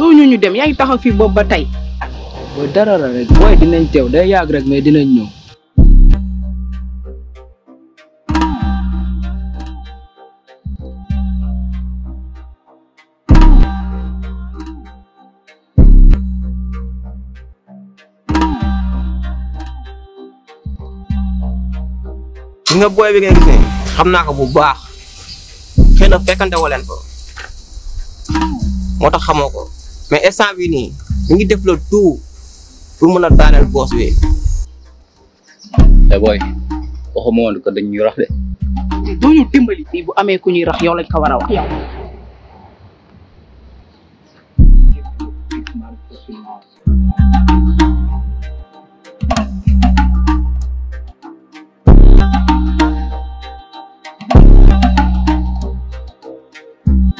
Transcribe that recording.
do ñu ñu dem yaa taxaw fi boobu ba tay bo dara la rek boy dinañ tew day yàgg rek mais dinañ ñëw nga boy bi nga gis ne xam ko bu baax xëy fekkante wolen ko motax xamoko mais instant bi nii ñu ngi def la tout pour mën a daaneel boos wi te eh booy waxuma woon ko dañ ñuy rax de. doo ñu dimbali. bu amee ku ñuy rax yow lañ ko war a wax